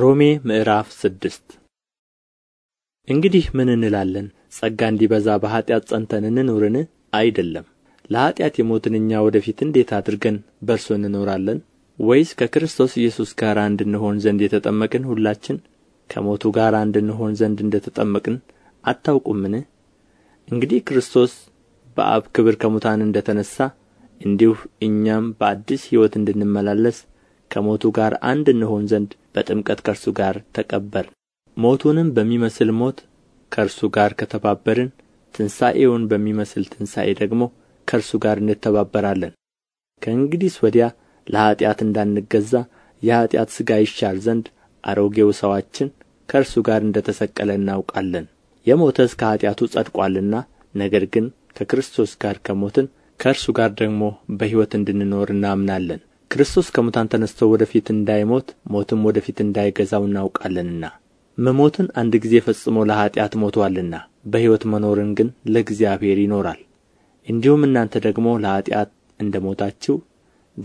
ሮሜ ምዕራፍ ስድስት እንግዲህ ምን እንላለን? ጸጋ እንዲበዛ በኃጢአት ጸንተን እንኑርን? አይደለም። ለኃጢአት የሞትን እኛ ወደፊት እንዴት አድርገን በእርሱ እንኖራለን? ወይስ ከክርስቶስ ኢየሱስ ጋር አንድ እንሆን ዘንድ የተጠመቅን ሁላችን ከሞቱ ጋር አንድ እንሆን ዘንድ እንደተጠመቅን አታውቁምን? እንግዲህ ክርስቶስ በአብ ክብር ከሙታን እንደተነሳ እንዲሁ እኛም በአዲስ ሕይወት እንድንመላለስ ከሞቱ ጋር አንድ እንሆን ዘንድ በጥምቀት ከእርሱ ጋር ተቀበርን ሞቱንም በሚመስል ሞት ከእርሱ ጋር ከተባበርን ትንሣኤውን በሚመስል ትንሣኤ ደግሞ ከእርሱ ጋር እንተባበራለን ከእንግዲህስ ወዲያ ለኀጢአት እንዳንገዛ የኀጢአት ሥጋ ይሻር ዘንድ አሮጌው ሰዋችን ከእርሱ ጋር እንደ ተሰቀለ እናውቃለን። የሞተስ ከኀጢአቱ ጸድቋልና፣ ነገር ግን ከክርስቶስ ጋር ከሞትን ከእርሱ ጋር ደግሞ በሕይወት እንድንኖር እናምናለን። ክርስቶስ ከሙታን ተነሥቶ ወደ ፊት እንዳይሞት ሞትም ወደ ፊት እንዳይገዛው እናውቃለንና መሞትን አንድ ጊዜ ፈጽሞ ለኃጢአት ሞቶአልና በሕይወት መኖርን ግን ለእግዚአብሔር ይኖራል። እንዲሁም እናንተ ደግሞ ለኃጢአት እንደ ሞታችሁ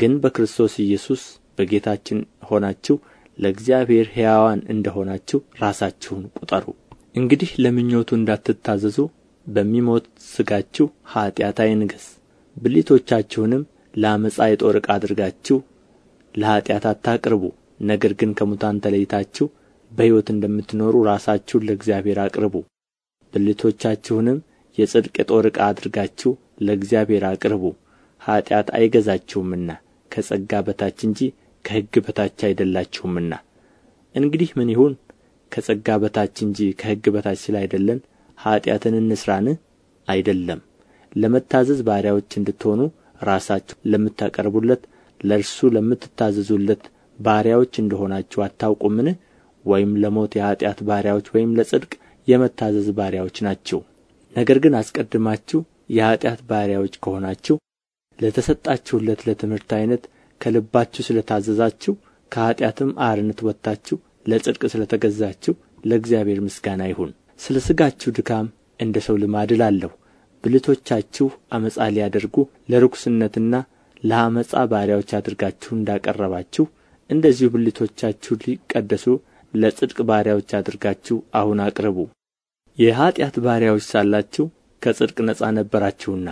ግን በክርስቶስ ኢየሱስ በጌታችን ሆናችሁ ለእግዚአብሔር ሕያዋን እንደሆናችሁ ራሳችሁን ቁጠሩ። እንግዲህ ለምኞቱ እንዳትታዘዙ በሚሞት ሥጋችሁ ኃጢአት አይንገሥ፣ ብልቶቻችሁንም ለዓመፃ የጦር ዕቃ አድርጋችሁ ለኃጢአት አታቅርቡ ነገር ግን ከሙታን ተለይታችሁ በሕይወት እንደምትኖሩ ራሳችሁን ለእግዚአብሔር አቅርቡ ብልቶቻችሁንም የጽድቅ የጦር ዕቃ አድርጋችሁ ለእግዚአብሔር አቅርቡ ኃጢአት አይገዛችሁምና ከጸጋ በታች እንጂ ከሕግ በታች አይደላችሁምና እንግዲህ ምን ይሁን ከጸጋ በታች እንጂ ከሕግ በታች ስላይደለን ኃጢአትን እንስራን አይደለም ለመታዘዝ ባሪያዎች እንድትሆኑ ራሳችሁ ለምታቀርቡለት ለእርሱ ለምትታዘዙለት ባሪያዎች እንደሆናችሁ አታውቁምን ወይም ለሞት የኃጢአት ባሪያዎች ወይም ለጽድቅ የመታዘዝ ባሪያዎች ናችሁ ነገር ግን አስቀድማችሁ የኃጢአት ባሪያዎች ከሆናችሁ ለተሰጣችሁለት ለትምህርት ዓይነት ከልባችሁ ስለ ታዘዛችሁ ከኃጢአትም አርነት ወጥታችሁ ለጽድቅ ስለ ተገዛችሁ ለእግዚአብሔር ምስጋና ይሁን ስለ ሥጋችሁ ድካም እንደ ሰው ልማድ እላለሁ ብልቶቻችሁ ዓመፃ ሊያደርጉ ለርኵስነትና ለዓመፃ ባሪያዎች አድርጋችሁ እንዳቀረባችሁ እንደዚሁ ብልቶቻችሁ ሊቀደሱ ለጽድቅ ባሪያዎች አድርጋችሁ አሁን አቅርቡ የኀጢአት ባሪያዎች ሳላችሁ ከጽድቅ ነፃ ነበራችሁና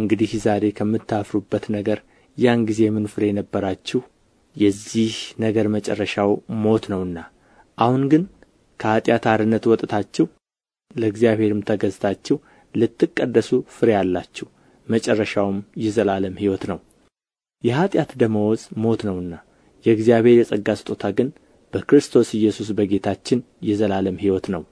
እንግዲህ ዛሬ ከምታፍሩበት ነገር ያን ጊዜ ምን ፍሬ ነበራችሁ? የዚህ ነገር መጨረሻው ሞት ነውና። አሁን ግን ከኀጢአት አርነት ወጥታችሁ ለእግዚአብሔርም ተገዝታችሁ ልትቀደሱ ፍሬ አላችሁ መጨረሻውም የዘላለም ሕይወት ነው የኃጢአት ደመወዝ ሞት ነውና የእግዚአብሔር የጸጋ ስጦታ ግን በክርስቶስ ኢየሱስ በጌታችን የዘላለም ሕይወት ነው